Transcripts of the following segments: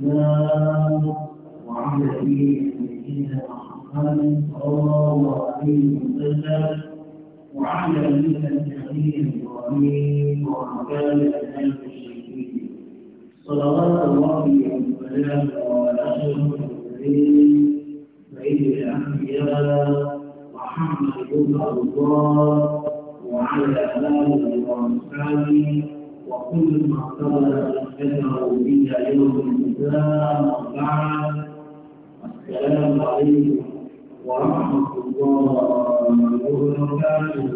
الإسلام وعلى دين نبينا محمد صلى الله عليه وسلم وعلى ملة نبينا إبراهيم وعلى المشركين صلوات الله وسلامه على أشرف المرسلين سيد الأنبياء محمد بن الله وعلى آله وأصحابه وكل ما اقتضى أجره إلى يوم الدين الإسلام بعد السلام عليكم ورحمة الله وبركاته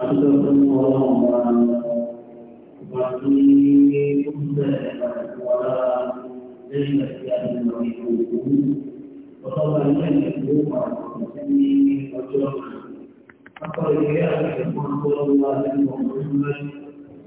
أشكركم الله وبركاته ولا ليلة يا وطبعا لن يكون مسلمين وجرما أقول يا أخي محمد الله محمد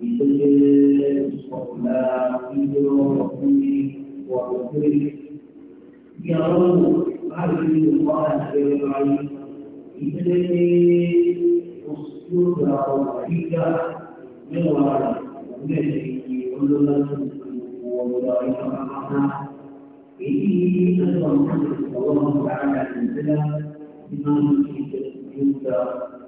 ilé ọ̀la ilé ọkùnrin wà lókèrè. Bí àwọn láti wá àṣẹ ayé, ilé oṣù gba ọ̀la yíká mẹ́wàá rẹ̀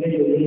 bẹ́ẹ̀ lórí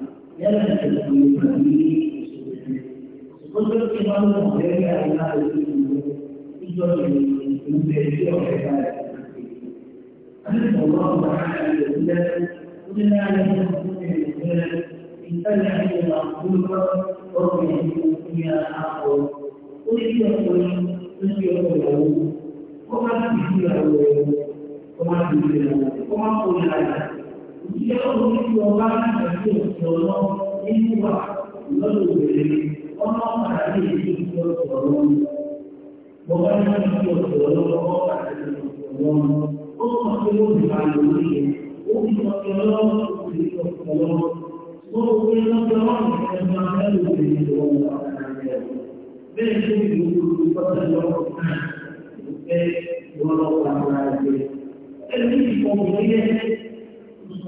dalam kehidupan ini Untuk òṣìṣẹ́ òun ti ọba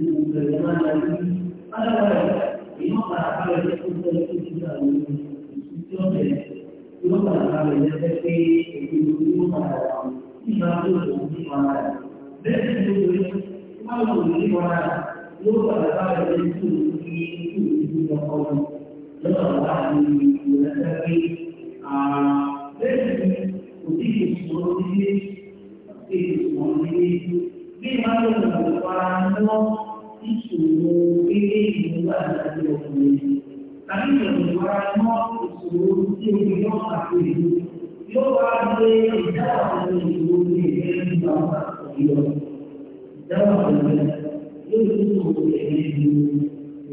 嗯，对，那个，他那个，你看他那个，就是说，你装备，你看他那个一些飞，你看他那个，一枪就是一枪的，两枪就是两枪的，你看他那个，有个人他那个，就是一枪一枪的，好多，你看他那个，你看他那个，啊，这是武器，武器，武器，武器，你看这个武器，你看这个。ìṣòro ilé ìlú àti ọkùnrin. Tàbí ìrọ̀lẹ́ wa mọ́ ìṣòro tí o fi yọ́ àpèjú. Yóò wá gbé ìdáwà àwọn ìṣòro ní ẹgbẹ́ nígbà wà ìyọ̀. Ìdáwà àwọn yóò tún mọ̀ ẹ̀mí ìlú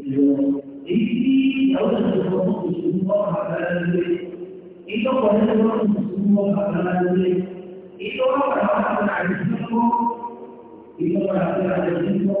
ìlú. Èyí tí ìyàwó ìṣòro ọmọ ìṣòro mọ́ bàbá Ìjọba ìṣòro ọmọ ìṣòro mọ́ bàbá Ìjọba àwọn àwọn àìsàn ìjọba àwọn àìsàn mọ́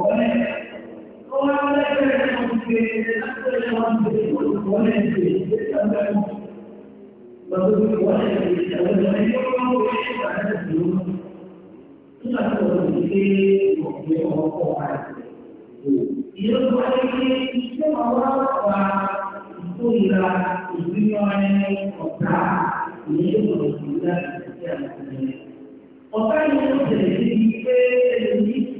我们，我们在这里上学，但是要我们自己管理自己。但是我们自己管理自己，我们自己管自己，因为我们的自己目标好广泛。如果这些不好规划，比如讲，比如讲呢，学习，你都管不了，这样子呢。我担心的是，你，你。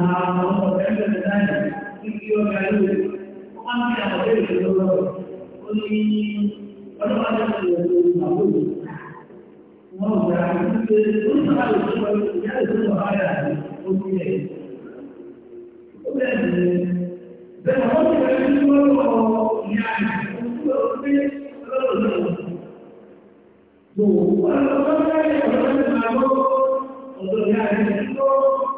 àwọn ọ̀rẹ́ bẹ̀rẹ̀ láì ní kí ó ga lóore ó máa ń fi àwọn ọ̀rẹ́ ìṣòro lọ́wọ́ ó ní ọlọ́pàá tó ti rẹ̀ lórí ìgbàgbọ́ wọn ò gbà wípé ó ní bá lè sọ ìyá ìṣòro ààrẹ àti omi ẹ̀ ó bẹ̀rẹ̀ bẹ̀rẹ̀ wọ́n ti rẹ̀ ní lọ́wọ́ ìyá ìṣòro pé lọ́wọ́ lọ́wọ́ Gbogbo àwọn ọmọdé ọ̀rọ̀ ti máa lọ́wọ́ ọ̀dọ̀ ìyá rẹ̀ ti lọ́wọ́.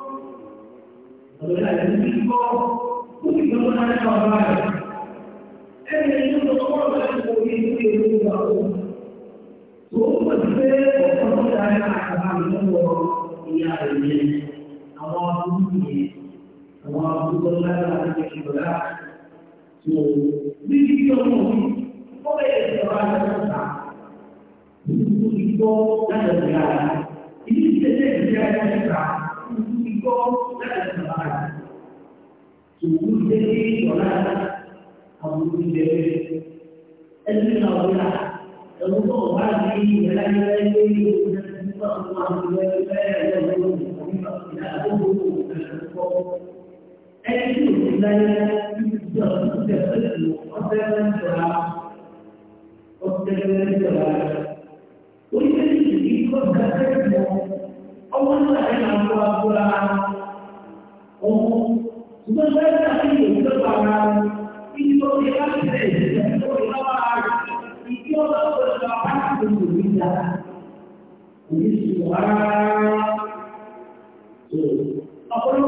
我们在人民为什么能搞出来？因为宁波的外来国资越来越本身我们在这块中国一样的名，那么自己，那么宁波的这个企就利用这种我们这个大家啥？常，宁波那个什么，一前在浙江经常。dico la settimana. Su cui devi tornare a cui devi. E lui la vorrà. E non può fargli nella mia mente di una settimana ma di due livelli e non mi fa finale con lui per un po'. E lui si dà il giorno di questo, osservandola, osservandola. Poi se dici, cosa serve ọ̀pọ̀lọpọ̀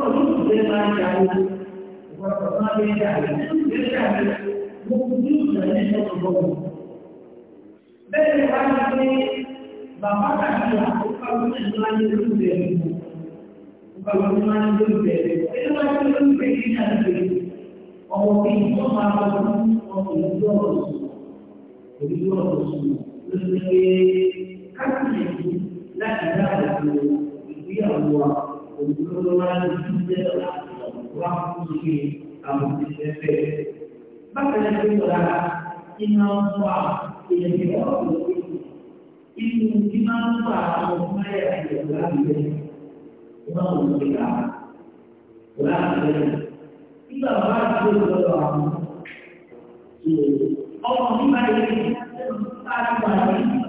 tó ti fẹ́ máa ń darí ọ̀pọ̀lọpọ̀ máa ń darí tó ti fẹ́ darí gbogbo tí ó sọ̀rọ̀ ní ọ̀pọ̀ gbogbo. bẹ́ẹ̀ ni wọ́n á ní bàbá àti àkókò àwọn ẹ̀sìn máa ń ní lórí bẹ̀rẹ̀ nípa àwọn ẹ̀sìn máa ń ọmọ bí wọ́n máa lọ fún hakiki la ilaha illallah kuntulan jidda wa kunti am jidda maka la ilaha illallah inna huwa ilahu in bima huwa ma ya'budu wa ma ya'budu wa ila rabbil alamin Allah ni mari kita tak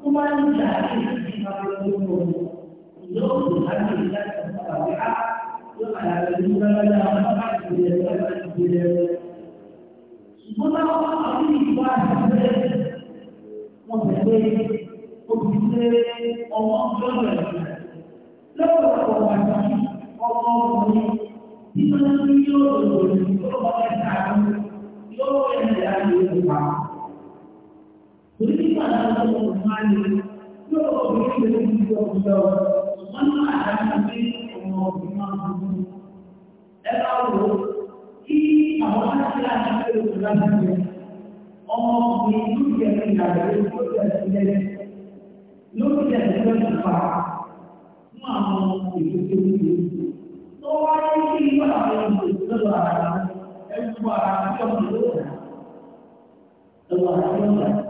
kuman dari sifat umum untuk dihadirkan kepada pihak yang ada di dalam masyarakat di dalam di dalam semua orang ini berada membeli objek orang jualan lalu orang ini orang ini di dalam video itu orang yang tahu orang yang ada di rumah Begitu ada orang mengalami, kalau begitu begitu kita, mana ada nanti orang bimang itu. Elalu, si awak siapa yang berjalan ini, orang itu dia tidak itu dia tidak, lu dia tidak apa, mau itu itu. Orang ini orang itu adalah, orang yang berjalan. Allah Allah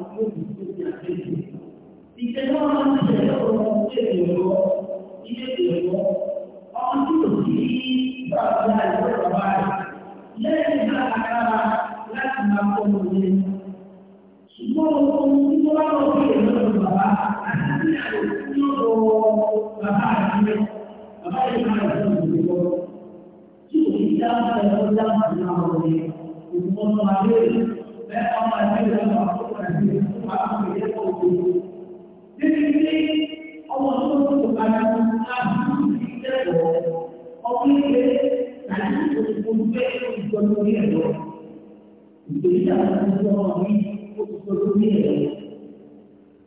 appunti tutti attenti, dice no, non c'è non c'è vero, dice vero, ma tu sì, va a dare quello vai, lei va a cara, l'altra con si può continuare a dire non lo va, a camminare il signor la parte, la parte di mare pubblico, ci si dà per la nostra un po' maggiore, per la maggiore 做猎人，你想去做农民，或者说做猎人，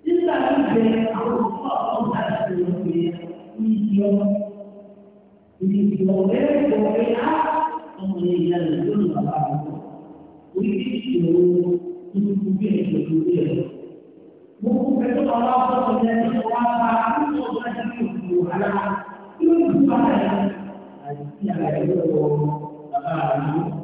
一旦一天，然后靠他们这些一些，一些野果为生，他们也饿了，每天就就是猎人，猎人，我可能到那时候，那时候他如果穿的衣服完了，衣服穿烂了，哎，下来就啊，你。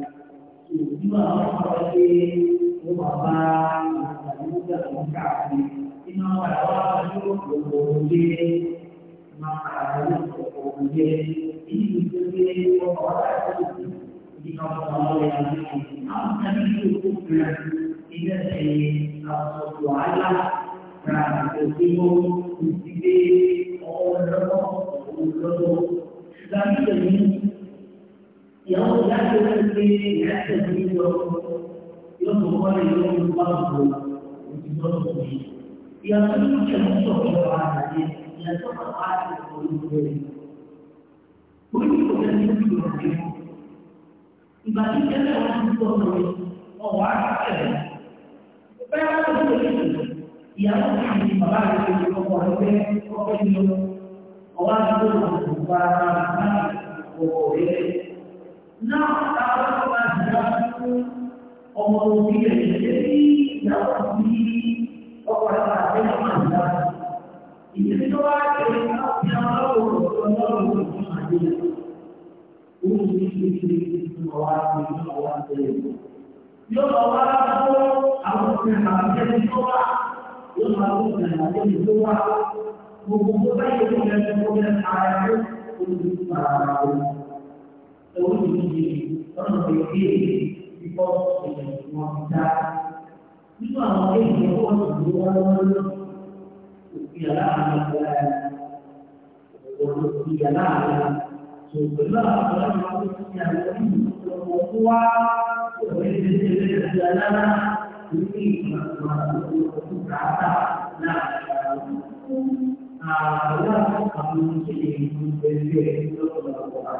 nhưng mà nó có cái của bảo ba là những cái là cả thì thì nó phải là những cái của bộ gì mà cả là những cái của bộ gì thì những cái gì có có lại cái gì thì nó có là những cái nó là những cái của quyền thì nó sẽ là một loại là là cái gì cũng cái gì ở đâu ở đâu là những cái yàwó yàtò ẹgbẹ yàtò ẹgbẹ yọ yọ tó wọn lè yọ ọdún bá gbogbo ọdún tó tó yìí yàtò ẹgbẹ tó tẹ̀ ọ́ sọ̀rọ̀ ọ́ àgbàdì yàtò ọ̀pá àti ọ̀dún tó yẹ. orí kò tẹ̀ ní ojú ọ̀rọ̀ yẹn mọ́ ìgbà tí tẹ́lẹ̀ wọn ti tọ́ sọ yẹn ọ̀wọ́ á tẹ̀ lọ. ọ̀pẹ́ àwọn ọ̀dọ́ ìgbàlódé ìyàwó kìí ni bàbá àgbẹ̀ ọ̀pẹ́ ọ̀pẹ́ ọ̀pẹ́ nak tahu pelajaranku omong dia jadi jawab diri bahawa saya tidak mandat itu semua kerana tahu orang orang itu sahaja untuk diri orang itu orang itu jauh orang itu aku tidak mandat itu lah aku tidak mandat itu lah saya juga mungkin saya untuk para tahu sendiri, orang tahu sendiri, kita sudah semua kita. Kita mungkin kita semua orang ialah anak dan orang ialah anak. Sebenarnya orang mungkin yang lebih berkuasa, lebih berjaya dalam ini masuk ke kata nak ah orang kami ini berjaya untuk melakukan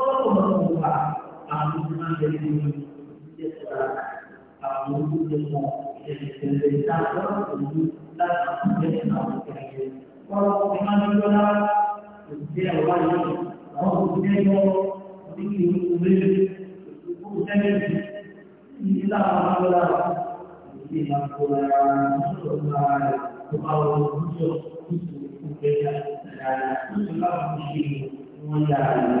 kalau pemerintah kami cuma jadi kamu semua jadi pemerintah untuk dan menjadi kamu kalau dengan juga dia wajib kalau dia yo tinggi umur umur inilah masalah ini masalah masalah kalau musuh musuh kita dan musuh musuh musuh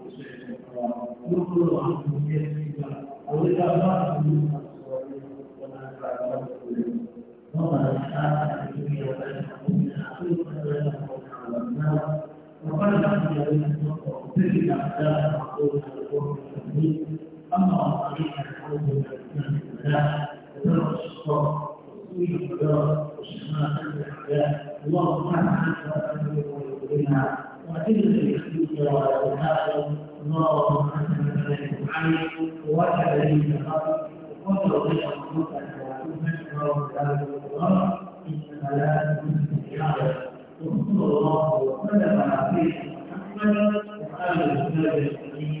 الله سبحانه وتعالى يقولنا وإن الإخوة والأولاد اللهم أنت من عليك وكذلك الخلق وكل غير مخلوقا وكل الله تعالى القرآن إنما لا تنسى وصلى الله وسلم على سيدنا محمد وآله وصحبه أجمعين